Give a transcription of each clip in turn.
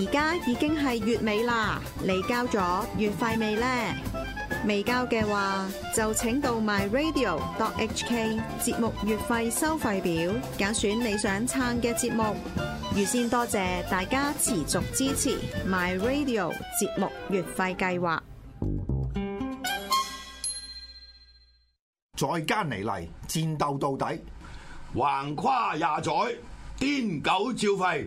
而家已經係月尾啦，你交咗月費未呢？未交嘅話，就請到 myradio.hk 節目月費收費表，揀選你想撐嘅節目。預先多謝大家持續支持 myradio 節目月費計劃。再加你嚟，戰鬥到底，橫跨廿載，癲狗照吠。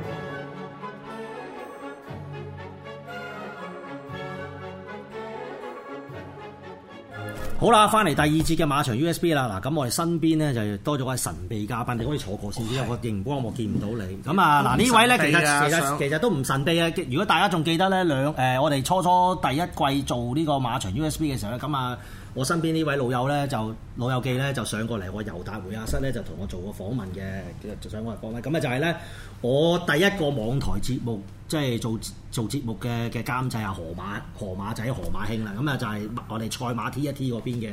好啦，翻嚟第二節嘅馬場 USB 啦，嗱咁我哋身邊咧就多咗位神秘嘉賓，你可以坐過先？因為、哦、我認光我冇見唔到你。咁的啊，嗱、啊、呢位咧其，其實想其實其實都唔神秘啊。如果大家仲記得咧兩誒、呃，我哋初初第一季做呢個馬場 USB 嘅時候咧，咁啊。我身邊呢位老友咧，就老友記咧，就上過嚟我尤達會客室咧，就同我做過訪問嘅，其實就上我嚟訪問咁，啊就係咧我第一個網台節目即係做做節目嘅嘅監製啊河馬河馬，馬仔河馬興啦，咁啊就係我哋賽馬 T 一 T 嗰邊嘅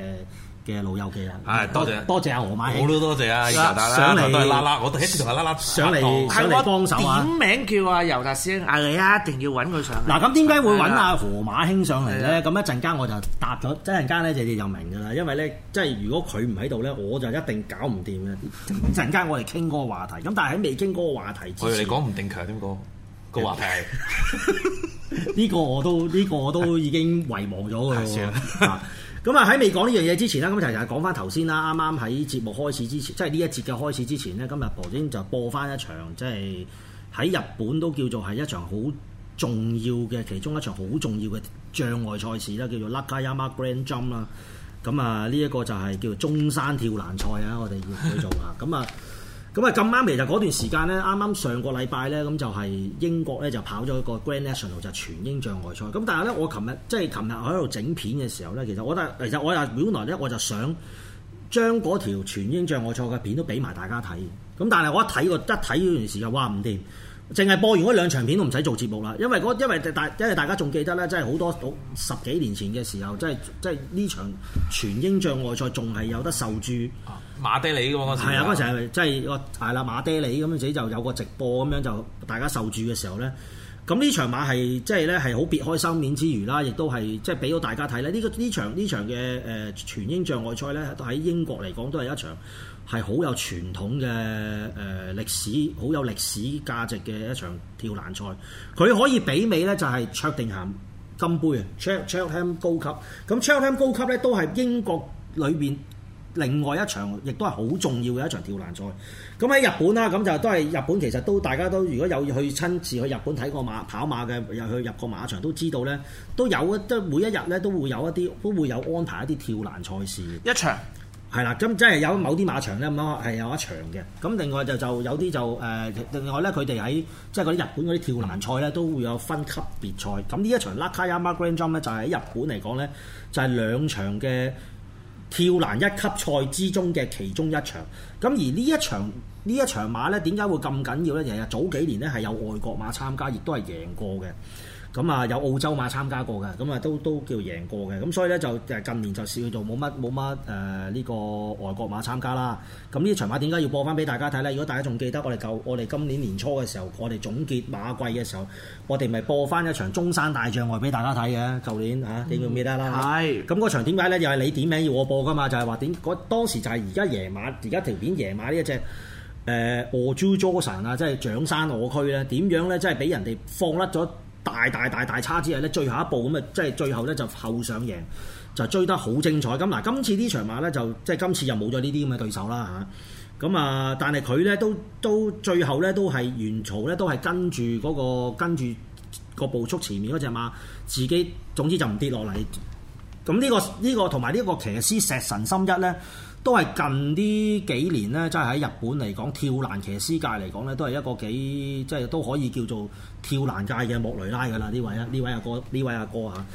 嘅老友記啦，係多謝多謝阿河馬兄，好咯，多謝啊！上嚟達啦，拉拉，我喺度同拉拉上嚟，係我幫手啊！點名叫阿尤達師兄啊？你一定要揾佢上嚟。嗱，咁點解會揾阿河馬兄上嚟咧？咁一陣間我就答咗，一陣間咧，你哋就明㗎啦。因為咧，即係如果佢唔喺度咧，我就一定搞唔掂嘅。一陣間我哋傾嗰個話題，咁但係喺未傾嗰個話題之前，佢嚟講唔定強點講個話題？呢個我都呢個我都已經遺忘咗㗎喎。咁啊！喺未講呢樣嘢之前啦，咁就係講翻頭先啦。啱啱喺節目開始之前，即係呢一節嘅開始之前呢，今日頭先就播翻一場，即係喺日本都叫做係一場好重要嘅其中一場好重要嘅障礙賽事啦，叫做 Nakayama Grand Jump 啦。咁啊，呢、這、一個就係叫中山跳欄賽啊，我哋要去做啊？咁啊。咁啊，咁啱嚟就嗰段時間咧，啱啱上個禮拜咧，咁就係英國咧就跑咗個 Grand National 就全英障礙賽。咁但係咧，我琴日即係琴日我喺度整片嘅時候咧，其實我都其實我又本來咧我就想將嗰條全英障礙賽嘅片都俾埋大家睇。咁但係我一睇個一睇嗰段時間，哇唔掂！淨係播完嗰兩場片都唔使做節目啦，因為因為大因為大家仲記得呢，即係好多好十幾年前嘅時候，即係即係呢場全英障礙賽仲係有得受注。啊，馬爹利嘅喎，嗰陣時係啊，嗰陣時係即係個啦，啊啊、馬爹利咁樣子就有個直播咁樣就大家受注嘅時候呢。咁呢場馬係即係呢係好別開心面之餘啦，亦都係即係俾到大家睇咧。呢個呢場呢場嘅誒、呃、全英障礙賽呢，喺英國嚟講都係一場。係好有傳統嘅誒、呃、歷史，好有歷史價值嘅一場跳欄賽。佢可以媲美呢，就係卓定咸金杯啊，卓、卓定咸高級。咁卓定咸高級呢，都係英國裏邊另外一場，亦都係好重要嘅一場跳欄賽。咁喺日本啦，咁就都、是、係日本其實都大家都如果有去親自去日本睇過馬跑馬嘅，又去入過馬場都知道呢，都有一即每一日呢都會有一啲都會有安排一啲跳欄賽事。一場。係啦，咁即係有某啲馬場咧，咁樣係有一場嘅。咁另外就有就有啲就誒，另外咧，佢哋喺即係嗰啲日本嗰啲跳欄賽咧，都會有分級別賽。咁呢一場 Nakayama Grand Jump 咧，就係、是、喺日本嚟講咧，就係、是、兩場嘅跳欄一級賽之中嘅其中一場。咁而呢一場呢一場馬咧，點解會咁緊要咧？就係早幾年咧係有外國馬參加，亦都係贏過嘅。咁啊、嗯，有澳洲馬參加過嘅，咁、嗯、啊都都叫贏過嘅，咁、嗯、所以咧就誒近年就少叫做冇乜冇乜誒呢個外國馬參加啦。咁、嗯、呢、嗯、場馬點解要播翻俾大家睇咧？如果大家仲記得我哋舊我哋今年年初嘅時候，我哋總結馬季嘅時候，我哋咪播翻一場中山大障礙俾大家睇嘅。舊年嚇你記唔記得啦？係、啊。咁嗰、嗯嗯、場點解咧？又係你點名要我播噶嘛？就係、是、話點嗰當時就係而家夜馬，而家條片夜馬呢一隻誒澳洲驕神啊，即係長山我駒咧，點樣咧即係俾人哋放甩咗。大大大大差之喎，咧最後一步咁啊，即係最後咧就後上贏，就追得好精彩。咁嗱，今次呢場馬咧就即係今次又冇咗呢啲咁嘅對手啦嚇。咁啊，但係佢咧都都最後咧都係元曹咧都係跟住嗰個跟住個步速前面嗰隻馬，自己總之就唔跌落嚟。咁呢個呢個同埋呢個騎師石神深一咧。都係近呢幾年呢，真係喺日本嚟講，跳欄騎師界嚟講呢，都係一個幾即係都可以叫做跳欄界嘅莫雷拉㗎喇。呢位啊，呢位阿哥，呢位阿哥吓，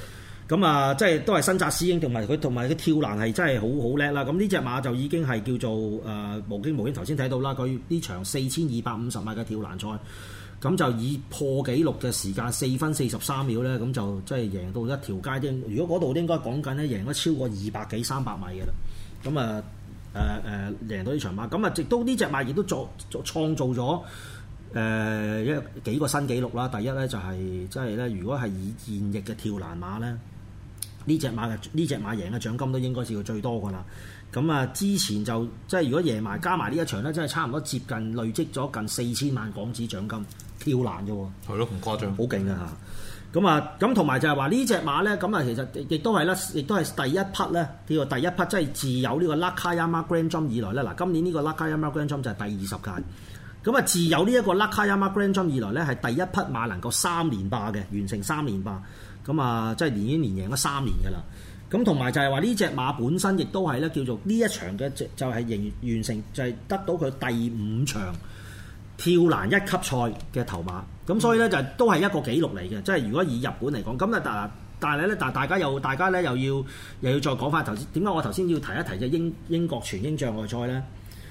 咁啊，即係都係新紮師兄，同埋佢同埋佢跳欄係真係好好叻啦。咁呢隻馬就已經係叫做誒、呃、無驚無險。頭先睇到啦，佢呢場四千二百五十米嘅跳欄賽，咁就以破紀錄嘅時間四分四十三秒呢，咁就即係贏到一條街啫。如果嗰度應該講緊呢，贏咗超過二百幾三百米嘅啦。咁啊～誒誒、呃、贏到呢場馬，咁啊，直到呢隻馬亦都造造創造咗誒一幾個新紀錄啦。第一咧就係、是、即係咧，如果係以現役嘅跳欄馬咧，呢隻馬嘅呢隻馬贏嘅獎金都應該係佢最多噶啦。咁啊，之前就即係如果贏埋加埋呢一場咧，真係差唔多接近累積咗近四千萬港紙獎金跳欄啫喎。係咯，唔誇張，好勁㗎吓。咁啊，咁同埋就係話呢隻馬咧，咁啊其實亦都係咧，亦都係第一匹咧，叫做第一匹即係自有呢個 Nakayama Grand Jump 以來咧，嗱今年呢個 Nakayama Grand Jump 就係第二十屆，咁啊自有呢一個 Nakayama Grand Jump 以來咧，係第一匹馬能夠三連霸嘅，完成三連霸，咁啊即係已經連贏咗三年㗎啦。咁同埋就係話呢隻馬本身亦都係咧叫做呢一場嘅就係、是、完完成就係、是、得到佢第五場。跳欄一級賽嘅頭馬，咁所以呢，就都係一個紀錄嚟嘅。即係如果以日本嚟講，咁啊但但係大家又大家咧又要又要再講翻頭先。點解我頭先要提一提嘅英英國全英障礙賽呢？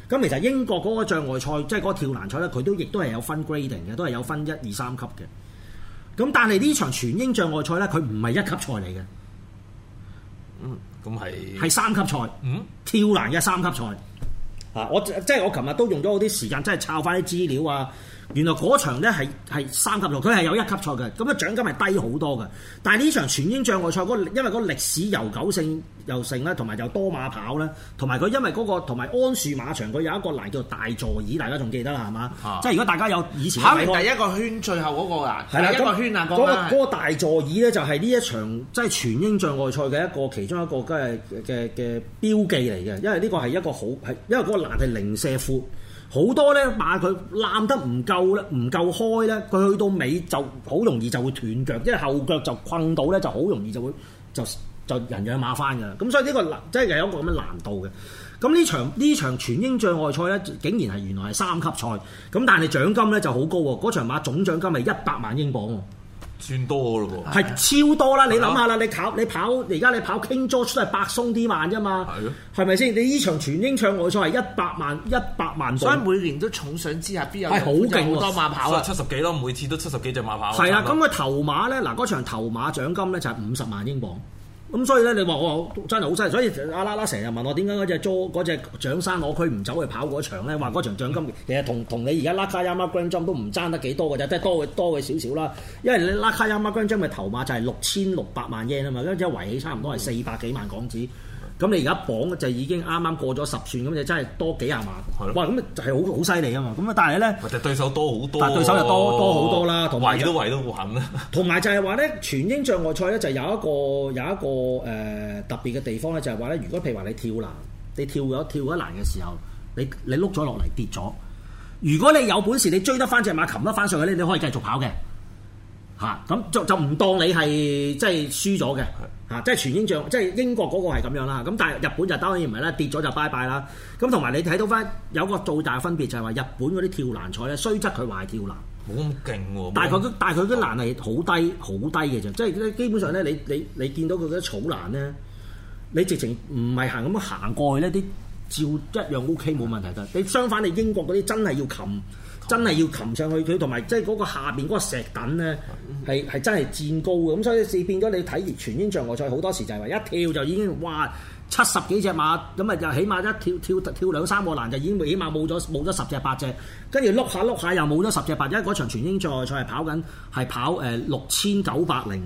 咁其實英國嗰個障礙賽，即係嗰個跳欄賽呢，佢都亦都係有分 grading 嘅，都係有分一二三級嘅。咁但係呢場全英障礙賽呢，佢唔係一級賽嚟嘅。嗯，咁係係三級賽。嗯，跳欄嘅三級賽。啊！我即係我琴日都用咗好啲時間，即係抄翻啲資料啊！原來嗰場咧係係三級賽，佢係有一級賽嘅，咁啊獎金係低好多嘅。但係呢場全英障礙賽因為嗰個歷史悠久性、又剩性同埋又多馬跑咧，同埋佢因為嗰、那個同埋安樹馬場，佢有一個欄叫大座椅，大家仲記得啦，係嘛？即係的如果大家有以前跑完第一個圈最後嗰個欄，係啦，第一個圈啊，嗰、那個大座椅咧，就係呢一場即係全英障礙賽嘅一個其中一個嘅嘅嘅標記嚟嘅，因為呢個係一個好係，因為嗰個欄係零射闊。好多咧，馬佢攬得唔夠咧，唔夠開咧，佢去到尾就好容易就會斷腳，因為後腳就困到咧，就好容易就會就就人仰馬翻嘅。咁所以呢、呢個真係、即係、有一個咁嘅難度嘅。咁呢場呢場全英障礙賽咧，竟然係原來係三級賽，咁但係獎金咧就好高喎，嗰場馬總獎金係一百萬英鎊。算多咯喎，係的超多啦！的你諗下啦，你跑你跑，而家你跑 King George 都係百鬆啲萬啫嘛，係咪先？你呢場全英唱外賽一百萬一百萬，百萬所以每年都重賞之下必有好勁好多馬跑啊，七十幾咯，每次都七十幾隻馬跑。係啊，咁個頭馬咧嗱，嗰場頭馬獎金咧就係五十萬英鎊。咁所以咧，你話我真係好犀利。所以阿拉拉成日問我點解嗰隻租隻長山我駒唔走去跑嗰場咧？話嗰場獎金其實同同你而家 Nakayama Grand Jump 都唔爭得幾多嘅啫，即係多佢多佢少少啦。因為你 Nakayama Grand Jump 嘅頭馬就係六千六百萬 yen 啊嘛，跟住一圍起差唔多係四百幾萬港紙。嗯嗯。咁你而家綁就已經啱啱過咗十串咁，就真係多幾廿萬。是的 哇！咁就係好好犀利啊嘛。咁啊，但係咧，就係對手多好多、哦，但係對手就多多好多啦。同埋、就是、都圍到玩啦。同埋就係話咧，全英障礙賽咧就有一個有一個誒、呃、特別嘅地方咧，就係話咧，如果譬如話你跳欄，你跳咗跳咗欄嘅時候，你你碌咗落嚟跌咗。如果你有本事，你追得翻隻馬，擒得翻上去咧，你可以繼續跑嘅。嚇咁、啊、就就唔當你係即係輸咗嘅，嚇是的、啊、即係全英仗，即係英國嗰個係咁樣啦。咁但係日本就當然唔係啦，跌咗就拜拜啦。咁同埋你睇到返有個最大嘅分別就係、是、話日本嗰啲跳欄賽咧，雖則佢話係跳欄，冇咁勁喎。但係佢都但係佢啲欄係好低好、哦、低嘅啫，即、就、係、是、基本上咧，你你你見到佢嗰啲草欄咧，你直情唔係行咁樣行過去呢啲照一樣 OK 冇問題㗎。你相反你英國嗰啲真係要擒。真係要擒上去，佢同埋即係嗰個下邊嗰個石凳咧，係係真係漸高嘅，咁所以變咗你睇全英障礙賽好多時就係話一跳就已經哇七十幾隻馬咁啊，就起碼一跳跳跳兩三個欄就已經起碼冇咗冇咗十隻八隻，跟住碌下碌下又冇咗十隻八隻，因為嗰場全英障礙賽係跑緊係跑誒六千九百零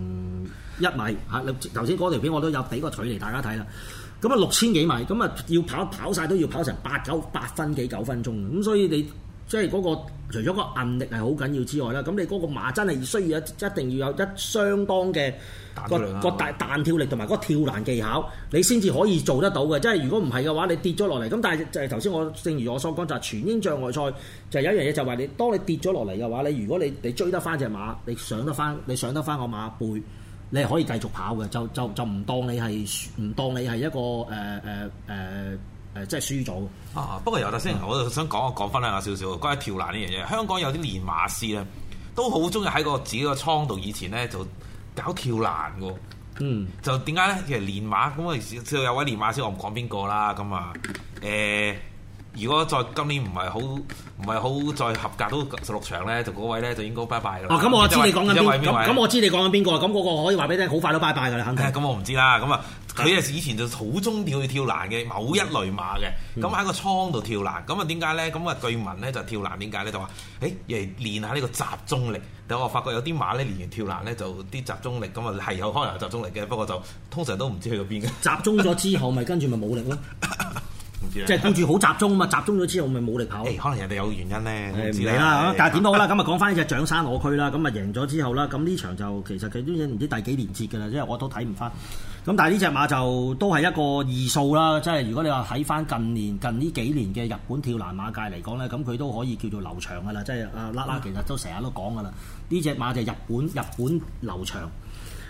一米嚇，頭先嗰條片我都有俾個距離大家睇啦，咁啊六千幾米咁啊要跑跑晒都要跑成八九八分幾九分鐘，咁所以你。即係嗰個，除咗個韌力係好緊要之外啦，咁你嗰個馬真係需要一定要有一相當嘅彈跳力跳力同埋嗰個跳欄技巧，你先至可以做得到嘅。即係如果唔係嘅話，你跌咗落嚟，咁但係就係頭先我正如我所講，就係全英障礙賽就係有一樣嘢，就係你當你跌咗落嚟嘅話，你如果你你追得翻隻馬，你上得翻你上得翻個馬背，你係可以繼續跑嘅，就就就唔當你係唔當你係一個誒誒誒。呃呃呃誒，即係輸咗啊！不過由頭先，嗯、我就想講啊，講翻啊少少，關於跳欄呢樣嘢。香港有啲練馬師咧，都好中意喺個自己個倉度，以前咧就搞跳欄嘅。嗯，就點解咧？其實練馬咁我啊，有位練馬師，我唔講邊個啦。咁啊，誒、欸。如果再今年唔係好唔係好再合格到十六場咧，就嗰位咧就應該拜拜啦。咁我知你講緊邊咁咁，咁咁個我知你講緊邊個咁嗰個可以話俾你聽，好快都拜拜㗎啦，咁我唔知啦，咁、嗯、啊，佢係、嗯、以前就好中意去跳欄嘅某一類馬嘅，咁喺、嗯嗯、個倉度跳欄，咁啊點解咧？咁啊據聞咧就跳欄點解咧？就話誒誒練下呢個集中力，但我發覺有啲馬咧練完跳欄咧就啲集中力，咁啊係有可能有集中力嘅，不過就通常都唔知去到邊嘅。集中咗之後，咪 跟住咪冇力咯。是是即係跟住好集中啊嘛，集中咗之後咪冇力跑。欸、可能人哋有原因咧，唔理、欸、啦。啊、但係點都好啦，咁啊講翻呢隻長山我駒啦，咁啊贏咗之後啦，咁呢場就其實佢啲嘢唔知第幾連捷嘅啦，因為我都睇唔翻。咁但係呢隻馬就都係一個二數啦，即係如果你話喺翻近年近呢幾年嘅日本跳欄馬界嚟講咧，咁佢都可以叫做流長嘅、啊、啦。即係啊 LakLak 其實都成日都講嘅啦，呢隻馬就日本日本流長。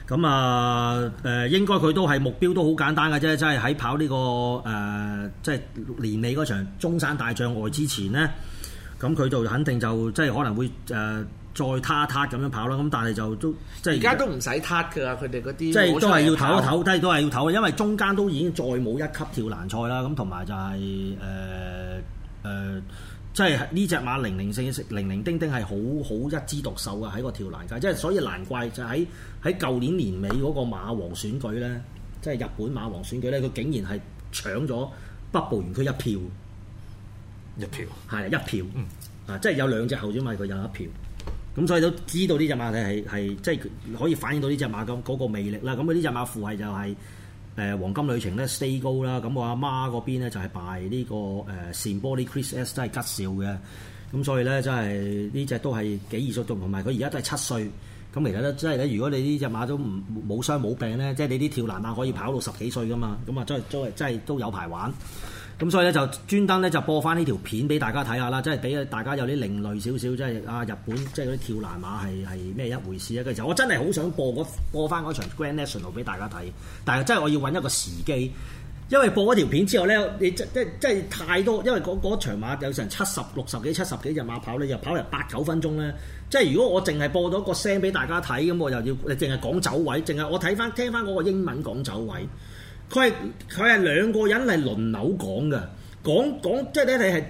咁啊，誒應該佢都係目標都好簡單嘅啫，即係喺跑呢、這個誒，即、呃、係、就是、年尾嗰場中山大障礙之前呢，咁佢就肯定就即係、就是、可能會誒、呃、再撻撻咁樣跑啦。咁但係就即都即係而家都唔使撻㗎，佢哋嗰啲即係都係要唞一唞，都係都係要唞，因為中間都已經再冇一級跳欄賽啦。咁同埋就係誒誒。呃呃即係呢隻馬零零星星、零零丁丁係好好一枝獨秀啊！喺個跳欄界，即係所以難怪就喺喺舊年年尾嗰個馬王選舉呢，即係日本馬王選舉呢，佢竟然係搶咗北部園區一票一票係一票，啊，一票嗯、即係有兩隻候選馬，佢有一票咁，所以都知道呢隻馬係係即係可以反映到呢隻馬咁嗰個魅力啦。咁呢隻馬父系就係、是。誒黃金旅程咧 Stay Gold 啦，咁我阿媽嗰邊咧就係拜呢個誒 Symboli Kris S 真係吉兆嘅，咁所以咧真係呢隻都係幾意足足，同埋佢而家都係七歲，咁其實咧真係咧如果你呢隻馬都唔冇傷冇病咧，即係你啲跳欄馬可以跑到十幾歲噶嘛，咁啊都係都係真係都有排玩。咁所以咧就專登咧就播翻呢條片俾大家睇下啦，即係俾大家有啲另類少少，即係啊日本即係嗰啲跳欄馬係係咩一回事啊？其實我真係好想播嗰播翻嗰場 Grand National 俾大家睇，但係真係我要搵一個時機，因為播嗰條片之後呢，你即即即係太多，因為嗰嗰場馬有成七十六十幾、七十幾隻馬跑，你又跑嚟八九分鐘呢。即係如果我淨係播到個聲俾大家睇，咁我又要淨係講走位，淨係我睇翻聽翻嗰個英文講走位。佢係佢係兩個人係輪流講嘅，講講即係咧，係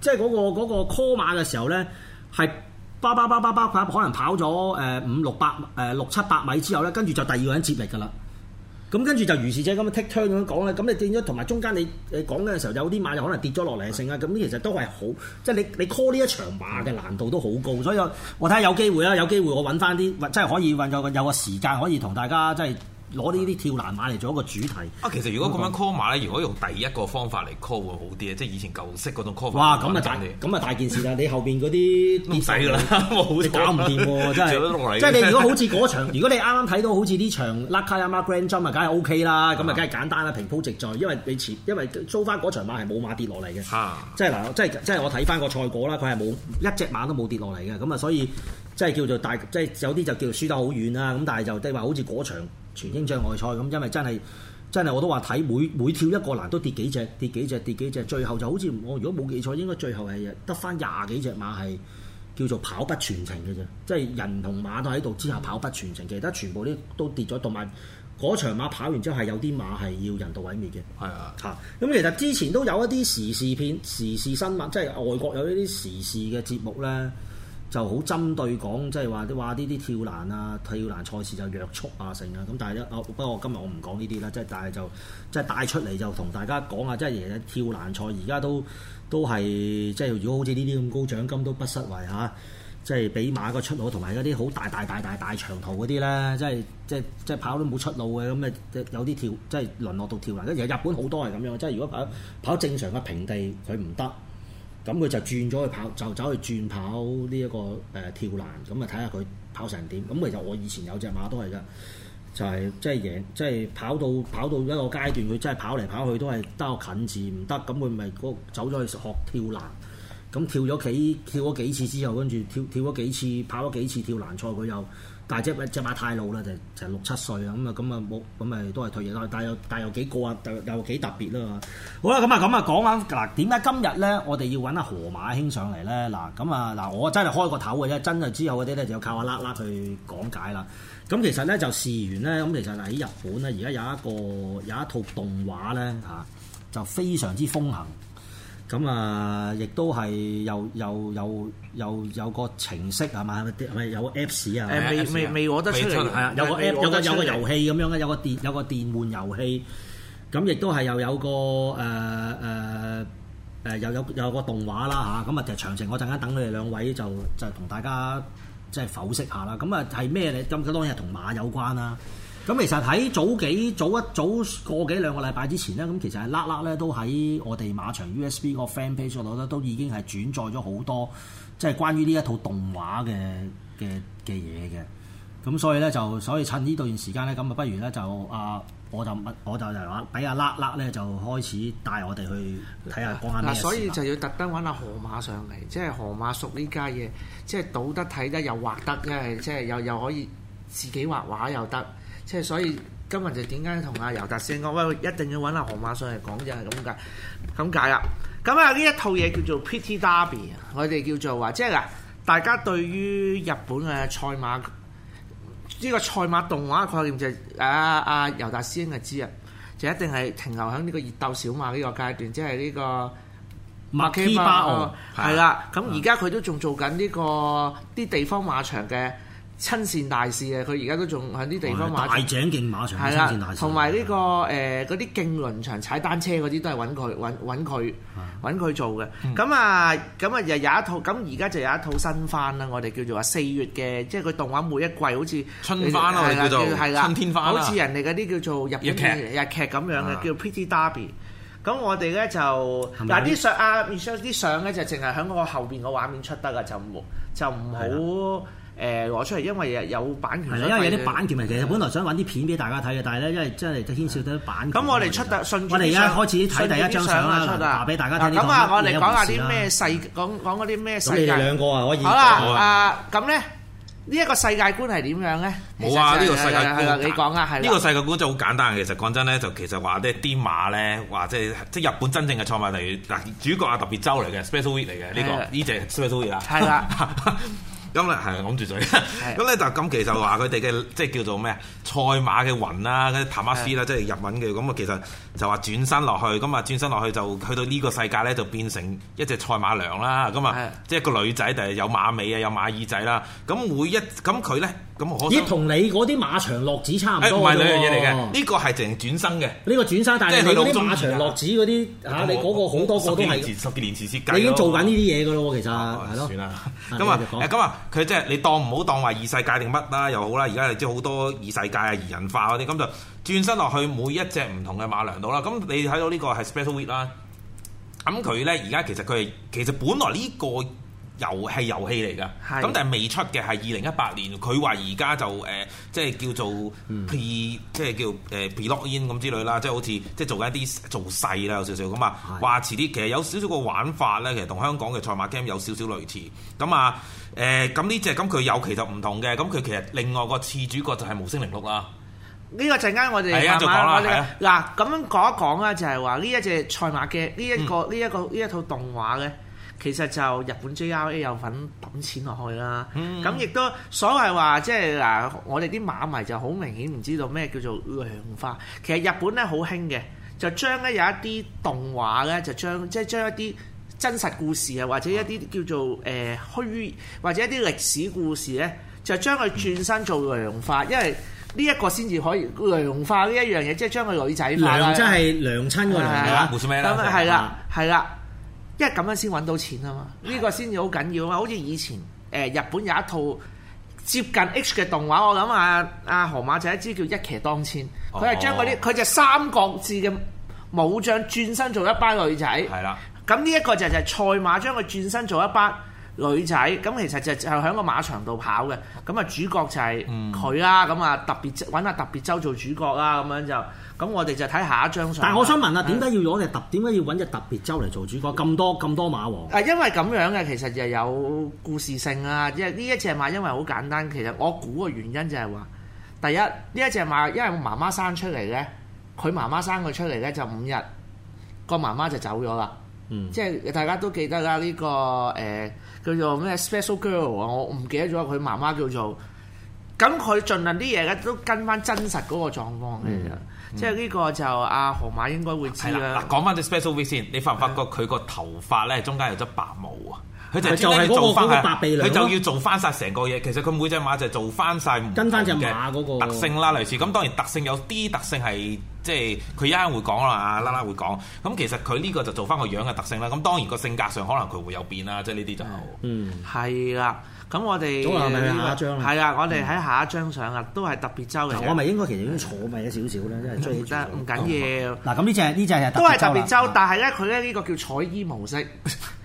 即係嗰、那個嗰、那個、call 馬嘅時候咧，係巴巴巴巴巴，巴，巴，巴可能跑咗誒、呃、五六百誒、呃、六七百米之後咧，跟住就第二個人接力㗎啦。咁跟住就如是者咁 take turn 咁樣講咧，咁你變咗同埋中間你你講嘅時候有啲馬就可能跌咗落嚟剩啊，咁呢其實都係好即係你你 call 呢一場馬嘅難度都好高，所以我睇下有機會啦，有機會我揾翻啲即係可以運有，有個時間可以同大家即係。攞呢啲跳欄馬嚟做一個主題啊！其實如果咁樣 call 馬咧，如果用第一個方法嚟 call 會好啲咧，即係以前舊式嗰種 call。哇！咁啊大咁啊大件事啦！你後邊嗰啲跌曬㗎啦，你搞唔掂真係即係你如果好似嗰場，如果你啱啱睇到好似呢場，Nakayama Grand Jump 啊，梗係 OK 啦，咁啊梗係簡單啦，平鋪直敍，因為你前因為租翻嗰場馬係冇馬跌落嚟嘅，即係嗱，即係即係我睇翻個賽果啦，佢係冇一隻馬都冇跌落嚟嘅，咁啊所以即係叫做大，即係有啲就叫做輸得好遠啦。咁但係就即係話好似嗰場。全英障礙賽咁，因為真係真係我都話睇，每每跳一個欄都跌幾隻，跌幾隻，跌幾隻，最後就好似我如果冇記錯，應該最後係得翻廿幾隻馬係叫做跑不全程嘅啫，即係人同馬都喺度之下跑不全程，其他全部都都跌咗，同埋嗰場馬跑完之後係有啲馬係要人道毀滅嘅。係啊、嗯，嚇、嗯！咁、嗯嗯嗯、其實之前都有一啲時事片、時事新聞，即係外國有一啲時事嘅節目呢。就好針對講，即係話啲話呢啲跳欄啊、跳欄賽事就約束啊、成啊，咁但係一哦，不過今日我唔講呢啲啦，即係但係就即係、即係、帶出嚟就同大家講啊，即係其實跳欄賽而家都都係即係如果好似呢啲咁高獎金都不失為嚇，即係俾馬個出路，同埋嗰啲好大大大大大長途嗰啲咧，即係即係即係跑都冇出路嘅咁嘅，有啲跳即係淪落到跳欄，而日本好多係咁樣，即係如果跑跑正常嘅平地佢唔得。咁佢就轉咗去跑，就走去轉跑呢、這、一個誒、呃、跳欄，咁啊睇下佢跑成點。咁其實我以前有隻馬都係㗎，就係即係贏，即、就、係、是、跑到跑到一個階段，佢真係跑嚟跑去都係得個近字唔得，咁佢咪走咗去學跳欄。咁跳咗幾跳咗幾次之後，跟住跳跳咗幾次，跑咗幾次跳欄賽，佢又。但係隻隻馬太老啦，就就六七歲啊，咁啊咁啊冇，咁咪都係退役啦。但係又但係又幾個啊，但又幾特別啦嘛。好啦，咁啊咁啊講下，嗱，點解今日咧我哋要揾阿河馬兄上嚟咧？嗱，咁啊嗱，我真係開個頭嘅啫，真係之後嗰啲咧就靠阿 LakLak 去講解啦。咁其實咧就事緣咧，咁其實喺日本咧，而家有一個有一套動畫咧嚇，啊，就非常之風行。咁啊，亦都係又又又又有，有，有，有，有個程式係嘛？係咪有 Apps 啊沒，未未未攞得出嚟，係啊，有個有個有個遊戲咁樣嘅，有個電有個電玩遊戲。咁亦都係又有個誒誒誒又有有，有個動畫啦嚇。咁啊，就實詳情，我陣間等你哋兩位就就同大家即係剖析下啦。咁啊，係咩咧？咁佢當然係同馬有關啦。咁其實喺早幾早一早個幾兩個禮拜之前咧，咁其實係 LakLak 咧都喺我哋馬場 USB 個 fan page 度咧，都已經係轉載咗好多即係關於呢一套動畫嘅嘅嘅嘢嘅。咁所以咧就所以趁呢段時間咧，咁啊不如咧就啊我就我就我就話俾阿 LakLak 咧就開始帶我哋去睇下講啱嘅事。嗱，所以就要特登揾阿河馬上嚟，即係河馬熟呢家嘢，即係賭得睇得又畫得嘅，即係又又可以自己畫畫又得。即係所以今日就點解同阿尤達師兄講喂一定要揾阿河馬上嚟講就係咁解咁解啦。咁啊呢一套嘢叫做 Pretty Derby 我哋叫做話即係嗱，大家對於日本嘅賽馬呢、呢個賽馬動畫概念就係、啊阿、啊、尤達師兄係知啊，就一定係停留喺呢個熱鬥小馬呢個階段，即係呢、呢個馬蹄巴哦，係啦、嗯。咁而家佢都仲做緊、呢、呢個啲地方馬場嘅。親善大使啊！佢而家都仲喺啲地方馬場，大井競馬場，親善大使。同埋呢個誒嗰啲競輪場、踩單車嗰啲都係揾佢揾佢揾佢做嘅。咁啊咁啊又有一套，咁而家就有一套新番啦！我哋叫做話四月嘅，即係佢動畫每一季好似春番啦，春天番啦，好似人哋嗰啲叫做日劇日劇咁樣嘅，叫做 Pretty Derby。咁我哋咧就嗱啲相啊 m i 啲相咧就淨係喺我後邊個畫面出得啊，就就唔好。誒，攞出嚟，因為有版權。因為有啲版權其實本來想揾啲片俾大家睇嘅，但係咧，因為真係牽涉到版權。咁我哋出得信，我哋而家開始睇第一張相啦，話俾大家睇。咁啊，我哋講下啲咩世，講講嗰啲咩世界兩個啊，可以。好啦，咁呢，呢一個世界觀係點樣呢？冇啊，呢個世界觀，你講啊，呢個世界觀就好簡單，其實講真呢，就其實話啲癲馬咧，話即係即係日本真正嘅創辦嚟，嗱主角係特別州嚟嘅，special week 嚟嘅呢個呢隻 special week 係啦。咁咧係攬住嘴，咁咧就其實就話佢哋嘅即係叫做咩啊？賽馬嘅雲啦，嗰啲塔馬斯啦，即係日文嘅。咁啊，其實就話轉身落去，咁啊轉身落去就去到呢個世界咧，就變成一隻賽馬娘啦。咁啊，即係個女仔，但係有馬尾啊，有馬耳仔啦。咁會一咁佢咧，咁可？咦？同你嗰啲馬場落子差唔多？誒，唔係兩樣嘢嚟嘅。呢個係淨轉生嘅。呢個轉生，但係你嗰啲馬場落子嗰啲嚇，你嗰個好多個都係十幾年前、十幾年前先計咯。你已經做緊呢啲嘢嘅咯，其實係咯。算啦，咁啊咁啊。佢即係你當唔好當話異世界定乜啦又好啦，而家你知好多異世界啊、擬人化嗰啲，咁就轉身落去每一隻唔同嘅馬娘度啦。咁你睇到個 breed，呢個係 Special Week 啦。咁佢咧而家其實佢係其實本來呢、呢個。遊係遊戲嚟㗎，咁但係未出嘅係二零一八年。佢話而家就誒、呃，即係叫做 P，即係叫誒 Pilot in 咁之類啦，即係好似即係做緊一啲做細啦，有少少咁啊。的話遲啲其實有少少個玩法咧，其實同香港嘅賽馬 game 有少少類似。咁啊誒，咁呢隻咁佢有其實唔同嘅，咁佢其實另外個次主角就係無聲鈴鹿啦。呢個陣間我哋繼的就講啦，嗱，咁講一講啊，就係話呢一隻賽馬嘅呢一個呢一、呢個呢、嗯、一套動畫咧。其實就日本 JRA 有份抌錢落去啦，咁亦、嗯嗯、都所謂話即係嗱，我哋啲馬迷就好明顯唔知道咩叫做量化。其實日本咧好興嘅，就將咧有一啲動畫咧，就將即係、就是、將一啲真實故事啊，或者一啲叫做誒、呃、虛，或者一啲歷史故事咧，就將佢轉身做量化，因為呢一個先至可以量化呢一樣嘢，即、就、係、是、將個女仔量真係量親㗎啦，冇錯咩啦？咁係啦，係啦。因為咁樣先揾到錢啊嘛，呢、呢個先至好緊要啊嘛。好似以前誒、呃、日本有一套接近 H 嘅動畫，我諗啊阿河馬仔一知叫《一騎當千》，佢係將嗰啲佢就三國志嘅武將轉身做一班女仔。係啦。咁呢一個就係、就係、賽馬將佢轉身做一班女仔，咁其實就係喺個馬場度跑嘅。咁啊主角就係佢啦。咁啊、嗯、特別揾下特別週做主角啦。咁樣就。咁我哋就睇下一張相。但係，我想問下，點解是要攞隻特點，解要揾隻特別週嚟做主角咁多咁、嗯、多馬王？誒，因為咁樣嘅其實就有故事性啊。即係呢一隻馬，因為好簡單。其實我估個原因就係話，第一呢一隻馬因為我媽媽生出嚟咧，佢媽媽生佢出嚟咧就五日，個媽媽就走咗啦。嗯、即係大家都記得啦。呢、呢個誒、呃、叫做咩 special girl 啊，我唔記得咗佢媽媽叫做咁。佢盡量啲嘢咧都跟翻真實嗰個狀況嘅。嗯嗯、即係呢、呢個就阿河馬應該會知啦。嗱，講翻隻 special V 先，了你發唔發覺佢個頭髮咧中間有咗白毛啊？佢就係做翻佢、啊、就要做翻晒成個嘢。其實佢每隻馬就係做翻晒，跟翻隻馬嗰、嗰個特性啦，類似。咁當然特性有啲特性係即係佢一陣會講啦，拉、啊、拉會講。咁其實佢呢個就做翻個樣嘅特性啦。咁當然個性格上可能佢會有變啦。即係呢啲就嗯係啦。咁我哋、這個，下一張係啊，我哋喺下一張相啊，都係特別周嘅人。嗯、我咪應該其實已經坐埋咗少少啦，因為追得唔緊要。嗱，咁呢隻呢隻係都係、哦這個這個、特別周，別州嗯、但係咧佢咧呢個叫彩衣模式，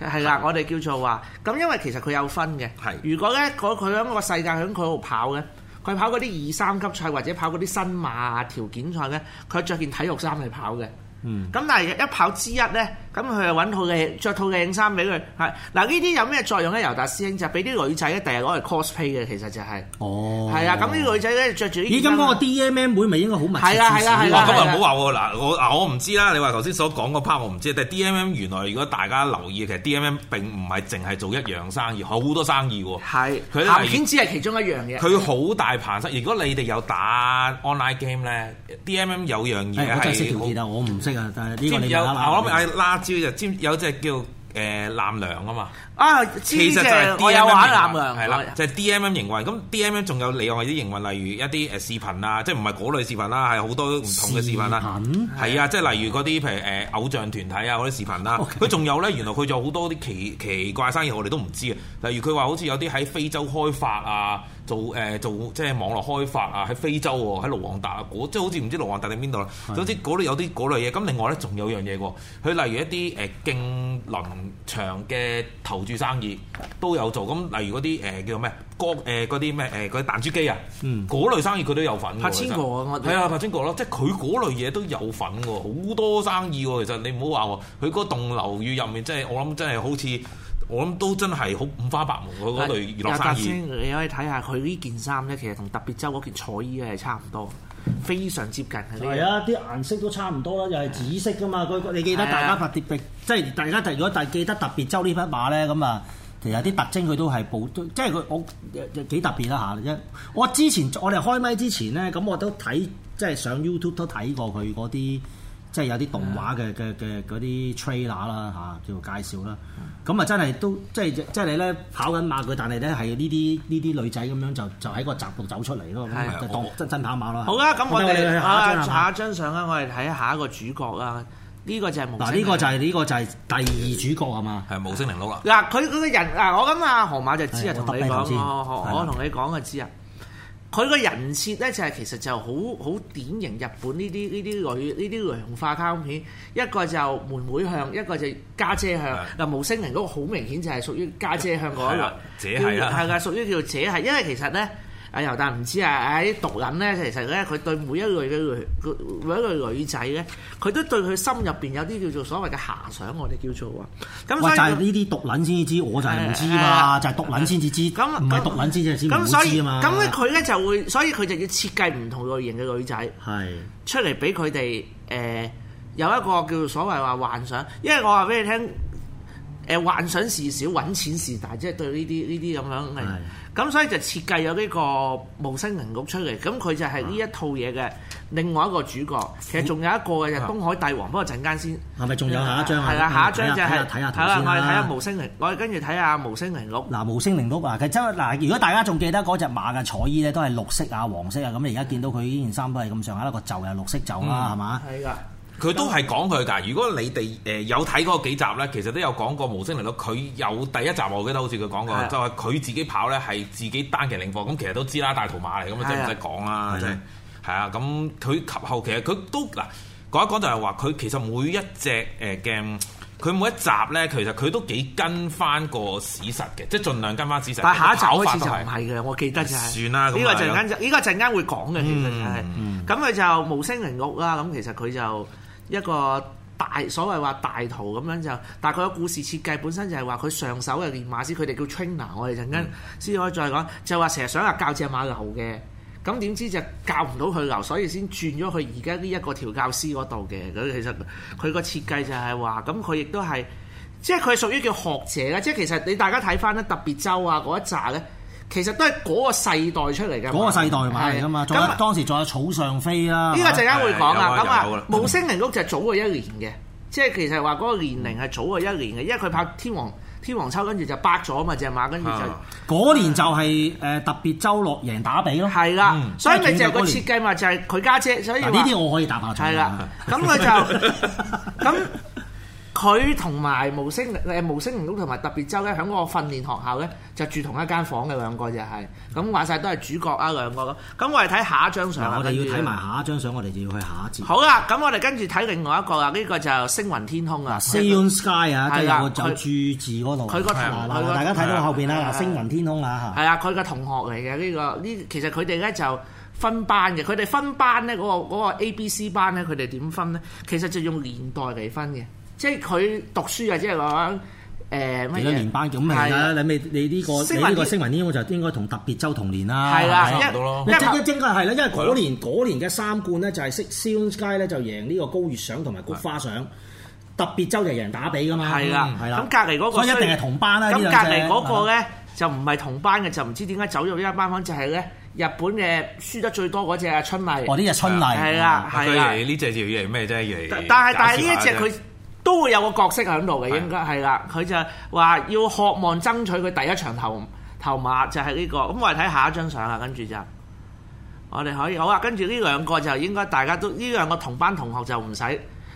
係 啦的，的我哋叫做話。咁因為其實佢有分嘅，係的。如果咧佢喺個世界喺佢度跑嘅，佢跑嗰啲二三級賽或者跑嗰啲新馬條件賽咧，佢着件體育衫去跑嘅。嗯。咁但係一跑之一咧。咁佢又揾套靚，着套靚衫俾佢，係。嗱呢啲有咩作用咧？尤達師兄就俾啲女仔咧，第日攞嚟 cosplay 嘅其實就係，係啊，咁呢個女仔咧着住咦？咁嗰個 DMM 唔咪應該好密切？係啦，係啦咁啦，唔好話嗱我嗱我唔知啦，你話頭先所講個 part 我唔知，但 DMM 原來如果大家留意，其實 DMM 並唔係淨係做一樣生意，好多生意喎。係，佢已經，只係其中一樣嘢。佢好大盤生意。如果你哋有打 online game 咧，DMM 有樣嘢係。真係我唔識啊，但係呢個你睇下啦。知唔知有隻叫誒、呃、南梁啊嘛。啊，其實就係、MM、我有玩啊，咁樣係啦，就係、是、D M、MM、M 營運。咁 D M M 仲有另外啲營運，例如一啲誒視頻品啊，對即係唔係嗰類視頻啦，係好多唔同嘅視頻啦。視頻係啊，即係例如嗰啲譬如誒、呃、偶像團體啊嗰啲視頻啦。佢仲 okay. 有咧，原來佢有好多啲奇奇怪生意，我哋都唔知啊。例如佢話好似有啲喺非洲開發啊，做誒、呃、做即係網絡開發啊，喺非洲喎，喺盧旺達啊。即係好似唔知盧旺達定邊度啦。的總之嗰度有啲嗰類嘢。咁另外咧，仲有樣嘢喎，佢例如一啲誒競能場嘅投住生意都有做，咁例如嗰啲誒叫咩？光誒嗰啲咩誒嗰啲彈珠機啊，嗰、嗯、類生意佢都有份。柏青哥啊，係啊實，柏青哥咯，對即係佢嗰類嘢都有份喎，好多生意喎。其實你唔好話喎，佢嗰棟樓宇入面即係，我諗真係好似我諗都真係好五花八門嗰嗰是類娛樂生意。你可以睇下佢呢件衫咧，其實同特別週嗰件彩衣咧係差唔多。非常接近嗰啲，係啊，啲顏色都差唔多啦，又係紫色㗎嘛。佢、啊、你記得大家拍啲別，即係大家提，如果大家記得特別周呢匹馬咧，咁啊，其實啲特徵佢都係保，即係佢我幾特別啦嚇。一我之前我哋開麥之前咧，咁我都睇，即係上 YouTube 都睇過佢嗰啲。即係有啲動畫嘅嘅嘅嗰啲 trailer 啦嚇，叫做介紹啦。咁啊真係都即係即係你咧跑緊馬佢，但係咧係呢啲呢啲女仔咁樣就就喺個閘度走出嚟咯。我真真跑馬啦。好啦，咁我哋下一張相咧，我哋睇下一個主角啊。呢個就係無。嗱，呢個就係呢個就係第二主角啊嘛，係無聲鈴鹿啦。嗱，佢佢個人嗱，我咁啊，河馬就知啊，同你講，我同你講啊，知啊。佢個人設咧就係其實就好好典型日本呢啲呢啲女呢啲娘化卡通片，一個就妹妹向，一個就家姐向。嗱，無聲人嗰個好明顯就係屬於家姐向嗰一類，係係㗎，屬於叫做姐系，因為其實咧。啊！又但唔知啊！喺毒撚咧，其實咧，佢對每一類嘅女，每一類女仔咧，佢都對佢心入邊有啲叫做所謂嘅遐想，我哋叫做啊。咁所以呢啲毒撚先至知，我就係唔知嘛，就係毒撚先至知，唔係毒撚先至先咁所以，咁咧佢咧就會，所以佢就要設計唔同類型嘅女仔出嚟俾佢哋誒有一個叫做所謂話幻想。因為我話俾你聽，誒幻想事小，揾錢事大，即係對呢啲呢啲咁樣係。咁所以就設計咗呢個無聲鈴鐺出嚟，咁佢就係呢一套嘢嘅另外一個主角。其實仲有一個嘅就係東海帝王，不過陣間先係咪仲有下一張啊？係啊，下一張就係睇下無聲鈴。啊、我哋跟住睇下無聲鈴鐺。嗱、啊啊，無聲鈴鐺啊，其實真係嗱，如果大家仲記得嗰隻馬嘅彩衣咧，都係綠色啊、黃色啊，咁你而家見到佢呢件衫都係咁上下一個袖又綠色袖啦，係嘛、嗯？係㗎。佢都係講佢㗎。如果你哋誒有睇嗰幾集咧，其實都有講過無聲鈴鹿。佢有第一集我記得，好似佢講過，就係佢自己跑咧，係自己單騎領放。咁其實都知啦，大逃馬嚟咁啊，真唔使講啦。係啊，咁佢及後其實佢都嗱講一講就係話，佢其實每一隻誒嘅，佢每一集咧，其實佢都幾跟翻個史實嘅，即係盡量跟翻史實。但下一集開始就唔係嘅，我記得。算啦，呢個陣間，呢個陣間會講嘅，其實咁佢就無聲鈴鹿啦。咁其實佢就。一個大所謂話大圖咁樣就，但係佢嘅故事設計本身就係話佢上手嘅練馬師，佢哋叫 trainer，我哋陣間先可以再講，嗯、就話成日想話教隻馬流嘅，咁點知就教唔到佢流，所以先轉咗去而家呢一個調教師嗰度嘅，咁其實佢個設計就係、是、話，咁佢亦都係，即係佢屬於叫學者啦，即係其實你大家睇翻咧特別週啊嗰一紮咧。其實都係嗰個世代出嚟嘅，嗰個世代嘛，係吖嘛。咁當時仲有草上飛啦。呢個陣間會講啊。咁啊，無聲鈴鹿就早過一年嘅，即係其實話嗰個年齡係早過一年嘅，因為佢拍天王天王秋跟住就白咗啊嘛隻馬，跟住就嗰年就係誒特別週落贏打比咯。係啦，所以咪就係個設計嘛，就係佢家姐，所以呢啲我可以打爆出。係啦，咁佢就咁。佢同埋無星誒無星玲屋同埋特別州咧，喺嗰個訓練學校咧就住同一間房嘅兩個就係、是、咁，話晒都係主角啊兩個咁。咁我哋睇下一張相，我哋要睇埋下一張相，我哋就要去下一節。好啦、啊，咁我哋跟住睇另外一個啊，呢、這個就星雲天空啊，Sky 啊，佢個住字嗰度。佢個同是、那個、大家睇到後邊啦，啊、星雲天空啊，係啊，佢個、啊、同學嚟嘅呢個、那個那個那個、呢，其實佢哋咧就分班嘅。佢哋分班咧，嗰個 A、B、C 班咧，佢哋點分咧？其實就用年代嚟分嘅。即係佢讀書啊！即係講誒幾多年班咁嚟㗎。你你你呢個你呢個星雲呢？我就應該同特別周同年啦。係啦，一正正正係啦，因為嗰年嗰年嘅三冠咧，就係識肖佳咧，就贏呢個皐月賞同埋菊花賞。特別周就贏打比㗎嘛。係啦，係啦。咁隔離嗰個，所以一定係同班啦。咁隔離嗰個咧就唔係同班嘅，就唔知點解走入呢一班，反正係咧日本嘅輸得最多嗰隻啊春麗。哦，呢隻春麗係啦係啦，呢隻叫嚟咩啫？但係但係呢一隻佢。都會有個角色喺度嘅，應該係啦。佢就話要渴望爭取佢第一場頭頭馬，就係呢個。咁我哋睇下一張相啦，跟住就我哋可以好啦。跟住呢兩個就應該大家都，呢兩個同班同學就唔使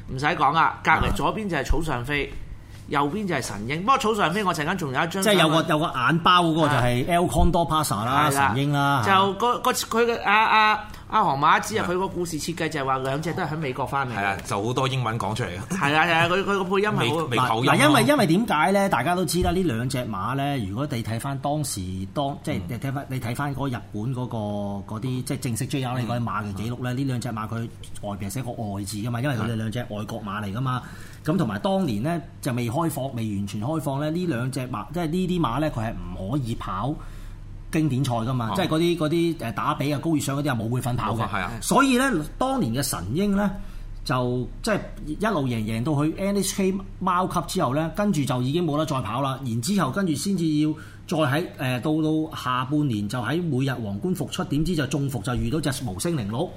唔使講啦。隔離左邊就係草上飛。啊右邊就係神鷹，不過草上飛，我陣間仲有一張。即係有個有個眼包嗰個就係 El Condor Pasa 啦，的神鷹啦。就、那個佢嘅阿阿阿航馬子啊，佢、啊、個、啊、的故事設計就係話兩隻都喺美國翻嚟。係啊，就好多英文講出嚟嘅。係啊係啊，佢佢個配音係好 口音、啊。嗱，因為因為點解咧？大家都知啦，呢兩隻馬咧，如果你睇翻當時當即係你睇翻你睇翻嗰日本嗰、那個嗰啲即係正式追蹤呢個馬嘅記錄咧，呢、嗯嗯、兩隻馬佢外邊寫個外字嘅嘛，因為佢哋兩隻外國馬嚟㗎嘛。咁同埋當年呢，就未開放，未完全開放咧，呢兩隻馬即係呢啲馬呢，佢係唔可以跑經典賽噶嘛，哦、即係嗰啲啲誒打比啊、皐月賞嗰啲係冇會份跑嘅。係啊，所以呢，當年嘅神鷹呢，就即係一路贏贏到去 NHK 貓級之後呢，跟住就已經冇得再跑啦。然之後跟住先至要再喺誒、呃、到到下半年就喺每日王冠復出，點知就中伏就遇到隻無聲鈴鹿。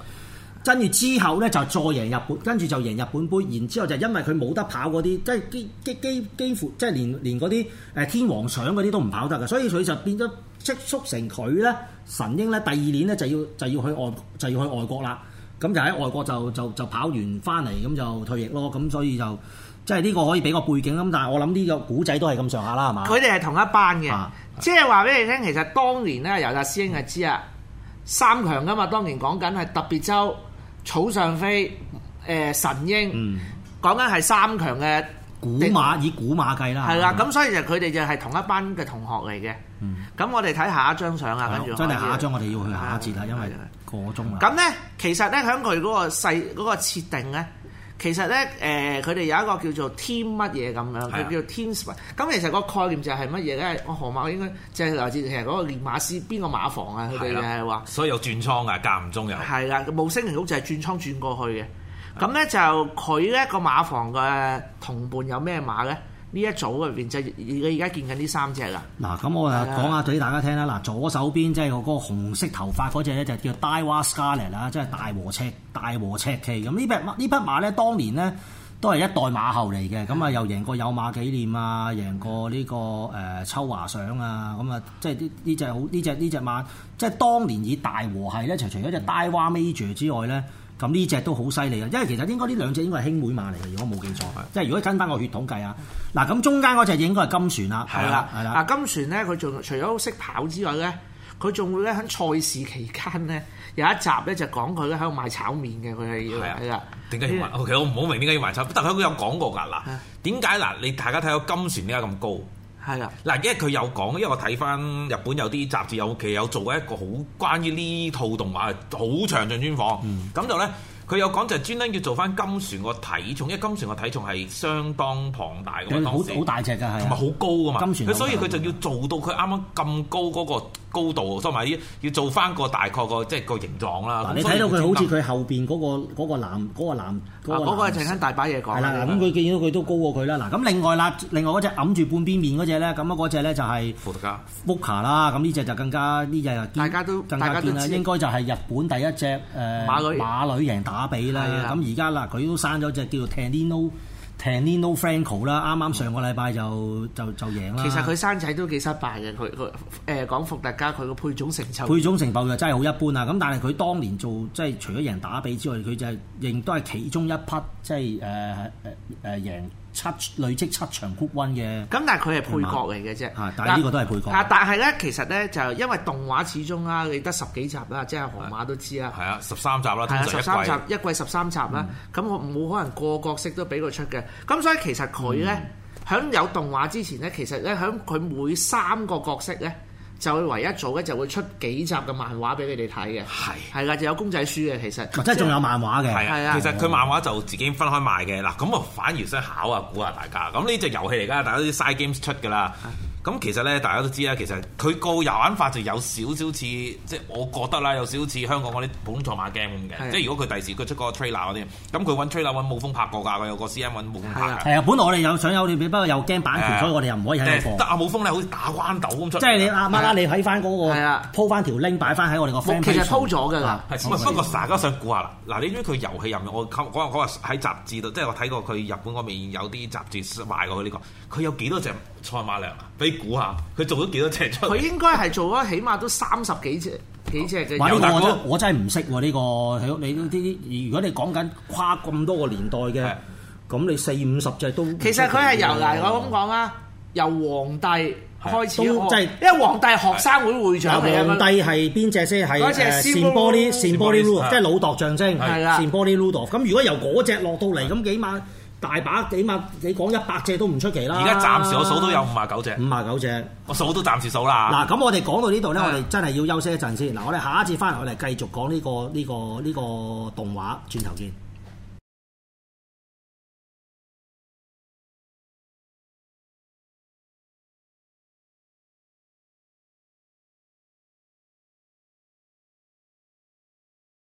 跟住之後呢，就再贏日本，跟住就贏日本杯，然之後就因為佢冇得跑嗰啲，即係基基基幾乎即係連連嗰啲誒天皇賞嗰啲都唔跑得嘅，所以佢就變咗即速成佢呢。神鷹呢，第二年呢，就要就要去外就要去外國啦，咁就喺外國就就就，就跑完翻嚟咁就退役咯，咁所以就即係呢個可以俾個背景咁，但係我諗呢個古仔都係咁上下啦，係嘛？佢哋係同一班嘅，啊、即係話俾你聽，其實當年呢，尤達師兄係知啊，三強噶嘛，當年講緊係特別週。草上飛，誒、呃、神鷹，講緊係三強嘅古馬，以古馬計啦，係啦的，咁、嗯、所以其實佢哋就係同一班嘅同學嚟嘅。咁、嗯、我哋睇下一張相啊，跟住即係下一張我哋要去下一節啦，的因為個鐘啦。咁咧，其實咧喺佢嗰個細嗰個設定咧。其實咧，誒佢哋有一個叫做 team 乜嘢咁樣，佢是的 叫做 team 馬的。咁其實個概念就係乜嘢咧？我、哦、河馬應該即係來自其實嗰個練馬師邊個馬房啊？佢哋係話，所以有轉倉啊，間唔中有，係啦，冇升停屋就係轉倉轉過去嘅。咁咧的就佢咧個馬房嘅同伴有咩馬咧？呢一組入邊就而家見緊呢三隻啦。嗱、啊，咁我啊講下俾大家聽啦。嗱的，左手邊即係我嗰個紅色頭髮嗰隻咧，就是、叫 Daiwa Scarlet 啦，即係大和赤大和赤騎。咁呢匹呢匹馬咧，當年咧都係一代馬後嚟嘅。咁啊的，又贏過有馬紀念啊，贏過呢個誒秋華賞啊。咁啊，即係呢呢隻好呢隻呢隻馬，即、就、係、是、當年以大和系咧就除咗隻 Daiwa Major 之外咧。的咁呢隻都好犀利啊！因為其實應該呢兩隻應該係兄妹馬嚟嘅，如果冇記錯，即係如果跟翻個血統計啊。嗱，咁中間嗰隻應該係金船啦，係啦，係啦。啊，金船咧，佢仲除咗識跑之外咧，佢仲會咧喺賽事期間咧有一集咧就講佢咧喺度賣炒麵嘅，佢係要啊。點解要賣？OK 我唔好明點解要賣炒麵，但係佢有講過㗎嗱。點解嗱？你大家睇到金船點解咁高？係啦，嗱，是因為佢有講，因為我睇翻日本有啲雜誌，有其有做過一個好關於呢套動畫好詳盡專訪，咁、嗯、就咧。佢有講就係專登要做翻金船個體重，因為金船個體重係相當龐大嘅，好大隻嘅，同埋好高嘅嘛。金船，佢所以佢就要做到佢啱啱咁高嗰個高度，同埋要要做翻個大概個即係個形狀啦。嗱，你睇到佢好似佢後邊嗰個嗰個男嗰個男嗰個嗰個正大把嘢講啦。咁佢見到佢都高過佢啦。嗱，咁另外啦，另外嗰隻揞住半邊面嗰隻咧，咁啊嗰隻咧就係伏特加。伏卡啦，咁呢隻就更加呢隻又大家都更加見啦，應該就係日本第一隻誒馬女馬女贏打。打比啦，咁而家啦，佢都生咗隻叫做 Tenino Tenino Franco 啦，啱啱上個禮拜就就就贏啦。其實佢生仔都幾失敗嘅，佢佢誒講伏特加佢個配種成就，配種成就真係好一般啊。咁但係佢當年做即係、就是、除咗贏打比之外，佢就係、是、亦都係其中一匹，即係誒誒誒贏，七累積七場谷 o 嘅，咁但係佢係配角嚟嘅啫，吧但係呢但但個都係配角。但係咧，其實咧就因為動畫始終啦、啊，你得十幾集啦，即係《河馬》都知啦，係啊，十三集啦，係啊，十三集一季十三集啦，咁我冇可能個角色都俾佢出嘅，咁所以其實佢咧，響、嗯、有動畫之前咧，其實咧響佢每三個角色咧。就會唯一組咧，就會出幾集嘅漫畫俾你哋睇嘅。係係啦，就有公仔書嘅，其實真係仲有漫畫嘅。係啊、就係，的其實佢漫畫就自己分開賣嘅。嗱，咁啊反而想考下估下大家。咁呢隻遊戲嚟㗎，大家都啲 side games 出㗎啦。咁其實咧，大家都知啦。其實佢個玩法就有少少似，即係我覺得啦，有少少似香港嗰啲普通賽馬 game 咁嘅。是的 即係如果佢第時佢出個 trailer 嗰啲，咁佢揾 trailer 揾武峰拍過㗎。佢有個 CM 揾武峰拍嘅。啊，本來我哋有想有啲，不過又驚版權，所以我哋又唔可以睇。即係阿武峰咧，好似打彎道咁出。即係你阿媽啦，你睇翻嗰個 po 翻條 link 擺翻喺我哋個。其實 po 咗㗎啦。不過大家想估下啦，嗱、啊，啊、你知佢遊戲入面，我我我話喺雜誌度，即係我睇過佢日本嗰邊有啲雜誌賣過呢個，佢有幾多隻？賽馬娘啊，俾估下佢做咗幾多隻出，佢應該係做咗起碼都三十幾隻、幾隻嘅。但我真係唔識喎呢個，你呢啲如果你講緊跨咁多個年代嘅，咁你四五十隻都其實佢係由嚟我咁講啊，由皇帝開始都即係因為皇帝係學生會會長，皇帝係邊隻先係？嗰隻係扇玻璃，扇玻璃鑽，即係老舵象徵。係啦，扇玻璃老舵。咁如果由嗰隻落到嚟，咁起碼。大把，起碼你講一百隻都唔出奇啦。而家暫時我數都有五十九隻。五十九隻，我數都暫時數啦。嗱、啊，咁我哋講到呢度咧，的我哋真係要休息一陣先。嗱，我哋下一節翻嚟我哋繼續講呢、呢個呢、呢個呢、呢個動畫，轉頭見。